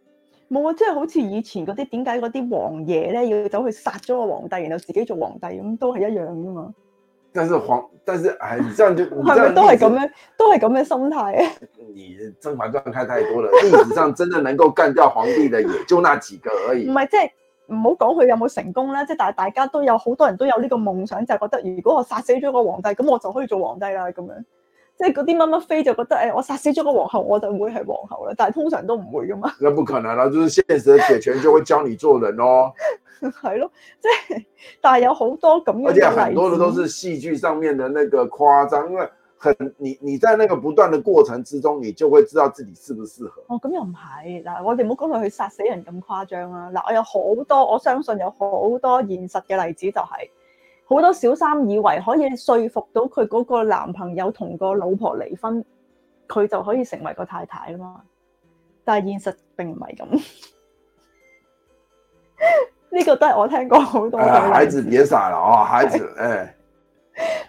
冇啊！即、就、係、是、好似以前嗰啲，點解嗰啲王爺咧要走去殺咗個皇帝，然後自己做皇帝咁，都係一樣㗎嘛？但是皇，但是唉，咪、啊、都係咁樣，都係咁嘅心態啊！你態《甄嬛傳》看太多了，歷史上真正能夠幹掉皇帝嘅，也就那幾個而已。唔 係，即係唔好講佢有冇成功啦，即係但係大家都有好多人都有呢個夢想，就係、是、覺得如果我殺死咗個皇帝，咁我就可以做皇帝啦，咁樣。即係嗰啲乜乜飛就覺得誒、哎，我殺死咗個皇后，我就會係皇后啦。但係通常都唔會噶嘛。那不可能啦，就是現實嘅鐵拳就會教你做人咯。係 咯，即係，但係有好多咁樣，而且很多嘅都是戲劇上面嘅那個誇張，因為很你你在那個不斷嘅過程之中，你就會知道自己適唔適合。哦，咁又唔係嗱，我哋唔好講到去殺死人咁誇張啊。嗱，我有好多，我相信有好多現實嘅例子就係、是。好多小三以為可以說服到佢嗰個男朋友同個老婆離婚，佢就可以成為個太太啦嘛，但係現實並唔係咁。呢 個都係我聽過好多。孩子跌曬啦！哦，孩子，誒、 哎。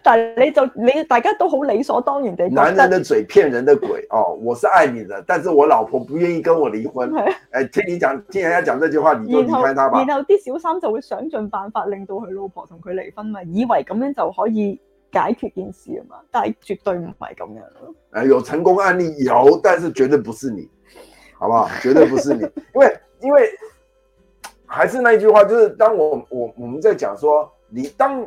但你就你大家都好理所當然地，男人的嘴騙人的鬼 哦！我是愛你的，但是我老婆不願意跟我離婚。誒、 哎，聽你講，聽人家講這句話，你就離開他吧。然後啲小三就會想盡辦法令到佢老婆同佢離婚嘛，以為咁樣就可以解決件事嘛，但係絕對唔係咁樣。誒、哎，有成功案例有，但是絕對不是你，好不好？絕對不是你， 因為因為還是那句話，就是當我我我們在講說你當。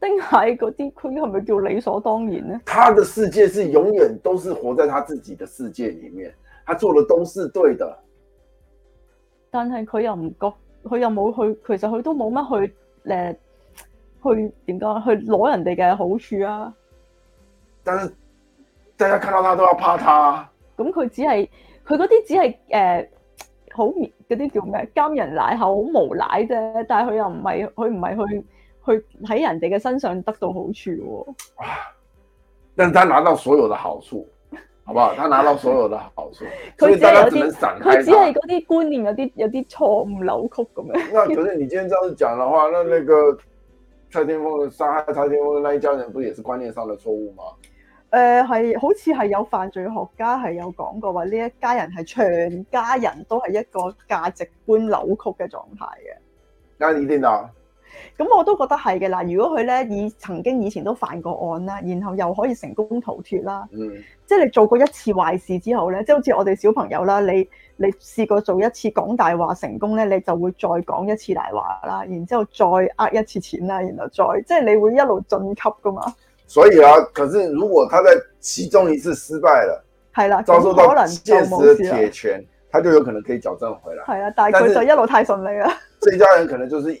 丁蟹嗰啲，佢係咪叫理所當然咧？他的世界是永遠都是活在他自己的世界裏面，他做的都是對的。但係佢又唔覺，佢又冇去，其實佢都冇乜去，誒，去點講？去攞人哋嘅好處啊！但是大家看到他都要怕他，啊。咁佢只係佢嗰啲只係誒、呃、好嗰啲叫咩？監人奶口好無賴啫。但係佢又唔係，佢唔係去。去喺人哋嘅身上得到好處，哦，哇！但係他拿到所有嘅好處， 好不好？他拿到所有嘅好處， 有所以佢只能散開。佢只係嗰啲觀念有啲有啲錯誤扭曲咁樣。 那可是你今天這樣講嘅話，那那個蔡天鳳殺害蔡天鳳嗰一家人，不也是觀念上的錯誤嘛。誒、呃，係好似係有犯罪學家係有講過話，呢一家人係全家人都係一個價值觀扭曲嘅狀態嘅。阿李天啊？咁我都覺得係嘅啦。如果佢咧以曾經以前都犯過案啦，然後又可以成功逃脫啦、嗯,即係你做過一次壞事之後咧，即係好似我哋小朋友啦，你你試過做一次講大話成功咧，你就會再講一次大話啦，然之後再呃一次錢啦，然後再，然後再即係你會一路晉級噶嘛。所以啊，可是如果他在其中一次失敗了，係啦，遭受到現實的鐵拳，就他就有可能可以矯正回來。係啊，但係佢就一路太順利啦。這家人可能就是。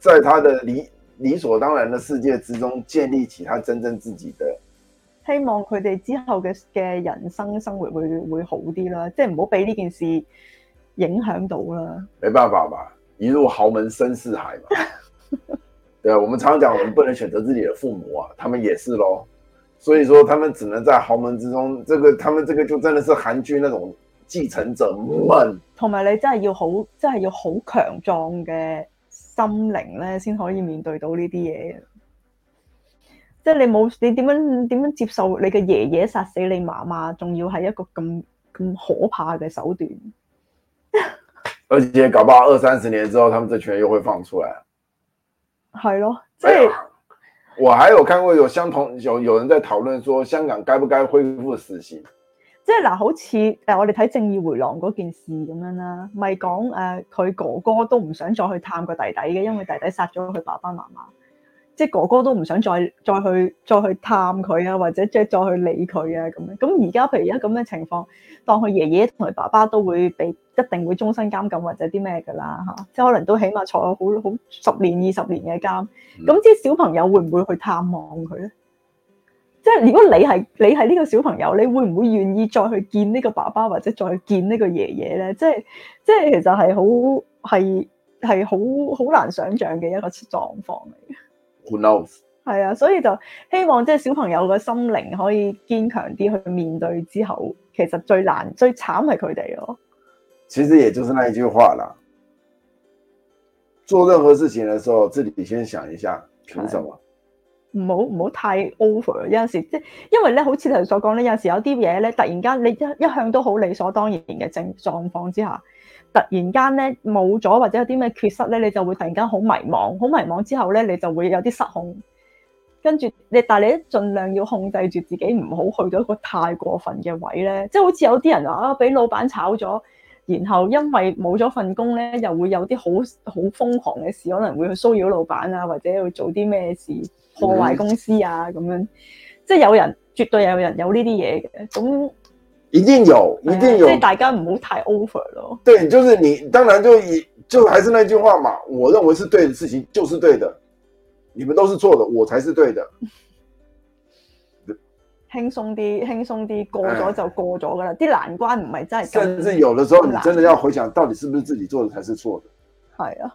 在他的理理所當然的世界之中，建立起他真正自己的希望。佢哋之後嘅嘅人生生活會會好啲啦，即係唔好俾呢件事影響到啦。沒辦法吧，一入豪門深似海嘛。對， 我們常講，我們不能選擇自己的父母啊，他們也是咯。所以說，他們只能在豪門之中，這個他們這個就真的是韓劇那種繼承者們。同埋你真係要好，真係要好強壯嘅。心靈咧，先可以面對到呢啲嘢，即係你冇，你點樣點樣接受你嘅爺爺殺死你媽媽，仲要係一個咁咁可怕嘅手段。而且搞唔好二三十年之後，他們這群又會放出來。係咯，即係，就係，哎呀，我還有看過有相同有有人在討論說，香港該不該恢復死刑？即係嗱，好似誒我哋睇《正義回廊》嗰件事咁樣啦，咪講誒佢哥哥都唔想再去探個弟弟嘅，因為弟弟殺咗佢爸爸媽媽，即係哥哥都唔想再再去再去探佢啊，或者即係再去理佢啊咁樣。咁而家譬如而家咁嘅情況，當佢爺爺同佢爸爸都會被一定會終身監禁或者啲咩㗎啦嚇，即係可能都起碼坐咗好好十年二十年嘅監。咁啲小朋友會唔會去探望佢咧？即係如果你係你係呢個小朋友，你會唔會願意再去見呢個爸爸或者再去見呢個爺爺咧？即係即係其實係好係係好好難想象嘅一個狀況嚟嘅。Who knows？係啊，所以就希望即係小朋友嘅心靈可以堅強啲去面對之後。其實最難最慘係佢哋咯。其實也就是那一句話啦。做任何事情嘅時候，自己先想一下，憑什麼？唔好唔好太 over。有陣時即係，因為咧，好似頭先所講咧，有時有啲嘢咧，突然間你一一向都好理所當然嘅正狀況之下，突然間咧冇咗或者有啲咩缺失咧，你就會突然間好迷茫，好迷茫之後咧，你就會有啲失控。跟住你，但係你盡量要控制住自己，唔好去到一個太過分嘅位咧。即係好似有啲人啊，俾老闆炒咗，然後因為冇咗份工咧，又會有啲好好瘋狂嘅事，可能會去騷擾老闆啊，或者去做啲咩事。破壞公司啊，咁、嗯、樣，即係有人絕對有人有呢啲嘢嘅，咁一定有，一定有，即、哎、係、就是、大家唔好太 over 咯。對，就是你，當然就就還是那句話嘛，我認為是對的事情就是對的，你們都是錯的，我才是對的。輕鬆啲，輕鬆啲，過咗就過咗噶啦，啲、哎、難關唔係真係。甚至有的時候，你真的要回想到底是不是自己做的才是錯的。係啊。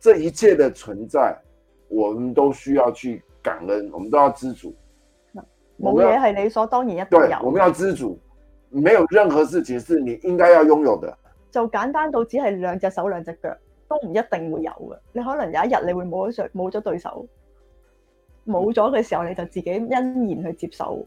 這一切的存在，我們都需要去感恩，我們都要知足。冇嘢係理所當然，一定有。我們要知足，沒有任何事情是你應該要擁有的。就簡單到只係兩隻手、兩隻腳，都唔一定會有嘅。你可能有一日你會冇咗對冇咗對手，冇咗嘅時候，你就自己欣然去接受。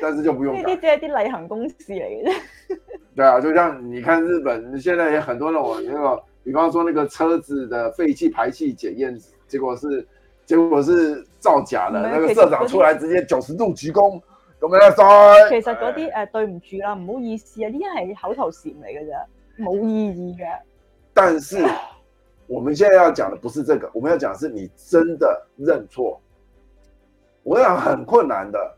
但是就不用。這些這這，例行公事嚟嘅。 對啊，就像你看日本，現在有很多人，我那個，比方說那個車子的廢氣排氣檢驗結果是，結果是造假的。那個社長出來直接九十度鞠躬，我們要說。其實嗰啲誒，對唔住啦，唔好意思啊，呢啲係口頭禪嚟嘅啫，冇意義嘅。但是 我們現在要講的不是這個，我們要講的是你真的認錯，我想很困難的。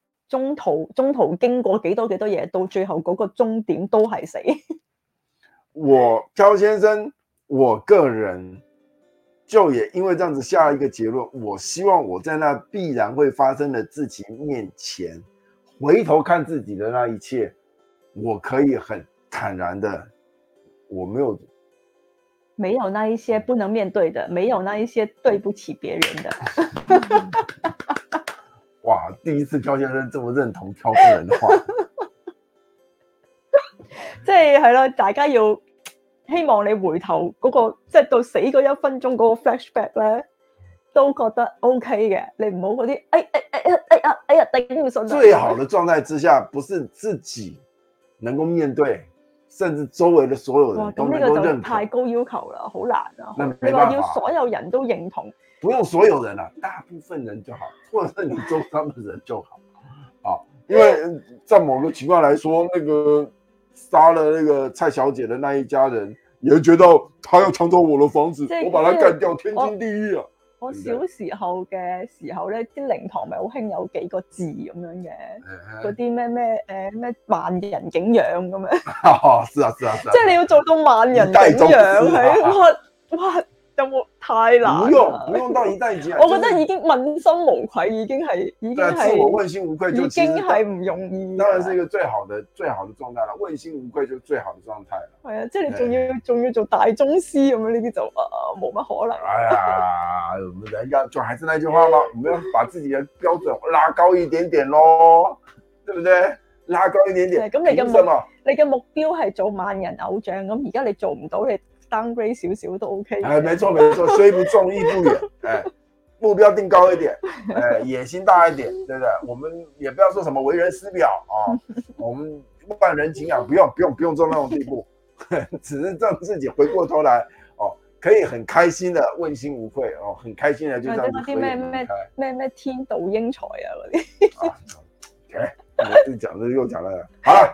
中途，中途經過幾多，幾多嘢，到最後嗰個終點都係死。我漂先生，我個人就也因為這樣子下一個結論，我希望我在那必然會發生的自己面前，回頭看自己的那一切，我可以很坦然的，我沒有，沒有那一些不能面對的，沒有那一些對不起別人的。 哇！第一次漂先生這麼認同漂夫人的話，即係係咯，大家要希望你回頭嗰、那個，即、就、係、是、到死嗰一分鐘嗰個 flashback 咧，都覺得 OK 嘅。你唔好嗰啲誒誒誒誒啊誒啊頂嗰種。最好嘅狀態之下，不是自己能夠面對，甚至周圍嘅所有人咁，呢個就太高要求啦，好難啊！你話要所有人都認同。不用所有人啦、啊，大部分人就好，或者你中上的人就好， 因為在某個情況來說，那個殺了那個蔡小姐的那一家人，也覺得他要搶走我的房子，就是、我把他幹掉，天經地義啊。我小時候嘅時候咧，啲靈堂咪好興有幾個字咁樣嘅，嗰啲咩咩誒咩萬人景仰咁樣。哈、 啊，是啊，是啊，即係、啊就是、你要做到萬人景仰，哇哇。哇有冇太難了？不用，不用到一代 我覺得已經問心無愧，已經係已經係。我問心無愧就已經係唔容易。當然係一個最好的最好的狀態啦，問心無愧就最好的狀態啦。係啊，即係你仲要仲要做大宗師咁樣呢啲就啊、冇乜可能。哎呀，咁 樣就還是那句話啦，我們要把自己嘅標準拉高一點點咯，對唔對？拉高一點點。咁你嘅目你嘅目標係做萬人偶像咁，而家你做唔到你。Downgrade 少少都 OK、哎。誒，冇錯冇錯，雖不中亦不遠、哎。目標定高一點，哎、野心大一點，對唔對？我們也不要說什麼為人師表啊，我們不辦人情啊，不用不用不用做那種地步，呵呵只是讓自己回過頭來，哦、啊，可以很開心的，問心無愧，哦、啊，很開心的就這樣子。或者嗰啲咩咩天妒英才啊，我啲、啊。O、okay, K， 又講就又講啦，好啦，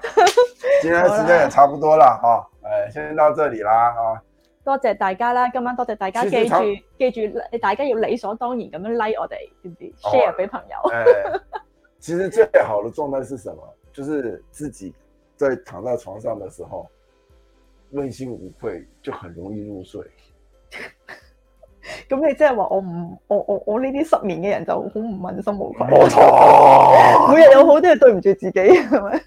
今天時間也差不多了。了啊，先到這裡啦，啊。多謝大家啦，今晚多謝大家，記住記住大家要理所當然咁樣 like 我哋，知唔知？share 俾、哦、朋友。哎、 其實最好嘅狀態是什麼？就是自己在躺在床上嘅時候，問心無愧就很容易入睡。咁 你即係話我唔我我我呢啲失眠嘅人就好唔問心無愧。冇錯， 每日有好多嘢對唔住自己。係咪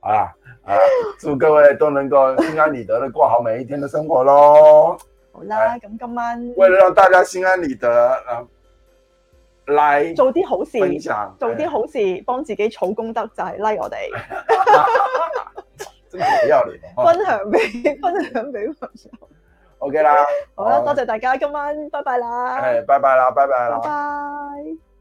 啊！啊！祝各位都能夠心安理得地過好每一天的生活咯。好啦，咁今晚為了讓大家心安理得，嚟、啊、做啲好事，做啲好事，幫、哎、自己儲功德就係、是、like 我哋。啊、 真係幾有聯分享俾分享俾我哋。O、okay、K 啦，好啦，嗯、多謝大家今晚，拜拜啦。係、哎，拜拜啦，拜拜啦，拜。